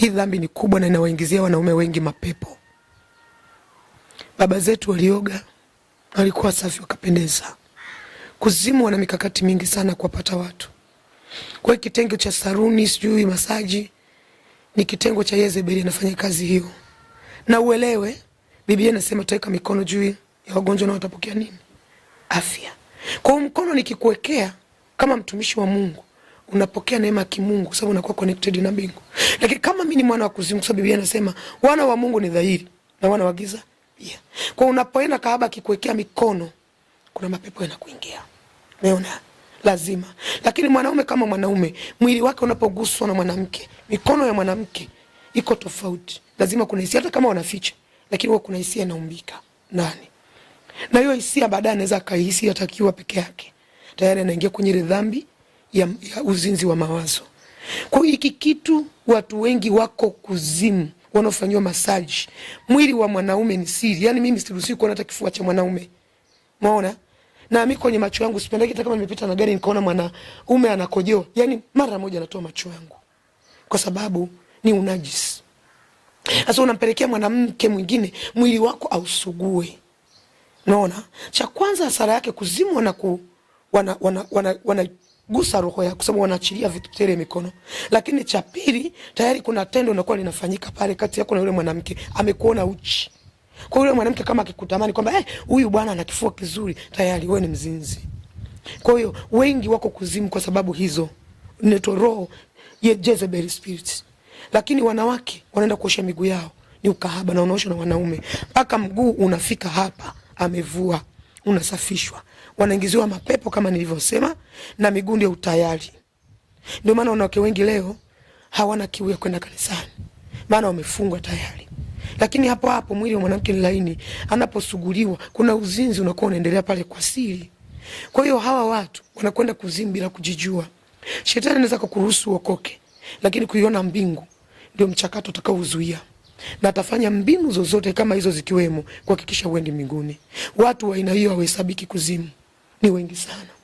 Hii dhambi ni kubwa na inawaingizia wanaume wengi mapepo. Baba zetu walioga, walikuwa safi, wakapendeza. Kuzimu wana mikakati mingi sana kuwapata watu. Kwa hiyo kitengo cha saruni, sijui masaji, ni kitengo cha Yezebeli, anafanya kazi hiyo. Na uelewe Biblia inasema taweka mikono juu ya wagonjwa na watapokea nini? Afya. Kwa hiyo mkono nikikuwekea kama mtumishi wa Mungu, unapokea neema ya kimungu, sababu unakuwa connected na mbingu. Lakini kama mimi ni mwana wa kuzimu, sababu Biblia inasema wana wa Mungu ni dhahiri na wana wa giza pia. Yeah. Kwa unapoenda kahaba akikuwekea mikono, kuna mapepo yanakuingia. Umeona? Lazima. Lakini mwanaume kama mwanaume, mwili wake unapoguswa na mwanamke, mikono ya mwanamke iko tofauti. Lazima kuna hisia, hata kama wanaficha, lakini huwa kuna hisia inaumbika ndani. Na hiyo hisia baadaye anaweza kaihisi atakiwa peke yake, tayari anaingia kwenye ile dhambi ya, ya uzinzi wa mawazo. Kwa hiki kitu watu wengi wako kuzimu wanaofanyiwa masaji. Mwili wa mwanaume ni siri. Yaani mimi siruhusiwi kuona hata kifua cha mwanaume. Umeona? Na mimi kwenye macho yangu sipendaki hata kama nimepita na gari nikaona mwanaume anakojoa. Yaani mara moja natoa macho yangu. Kwa sababu ni unajisi. Sasa unampelekea mwanamke mwingine mwili wako ausugue. Unaona? Cha kwanza hasara yake kuzimwa na ku wana wana, wana, wana gusa roho yako, sababu wanaachilia vitu tele mikono. Lakini cha pili, tayari kuna tendo linakuwa linafanyika pale kati yako na yule mwanamke, amekuona uchi. Kwa yule mwanamke kama akikutamani kwamba eh, huyu bwana ana kifua kizuri, tayari wewe ni mzinzi. Kwa hiyo wengi wako kuzimu kwa sababu hizo, inaitwa roho ya Jezebel spirit. Lakini wanawake wanaenda kuosha miguu yao, ni ukahaba na unaoshwa na wanaume mpaka mguu unafika hapa, amevua unasafishwa, wanaingiziwa mapepo kama nilivyosema, na miguu ndio utayari. Ndio maana wanawake wengi leo hawana kiu ya kwenda kanisani, maana wamefungwa tayari. Lakini hapo hapo mwili wa mwanamke ni laini, anaposuguliwa kuna uzinzi unakuwa unaendelea pale kwa siri. Kwa hiyo hawa watu wanakwenda kuzimu bila kujijua. Shetani anaweza kukuruhusu uokoke, lakini kuiona mbingu ndio mchakato utakaouzuia na atafanya mbinu zozote kama hizo zikiwemo kuhakikisha uendi mbinguni. Watu wa aina hiyo hawahesabiki kuzimu, ni wengi sana.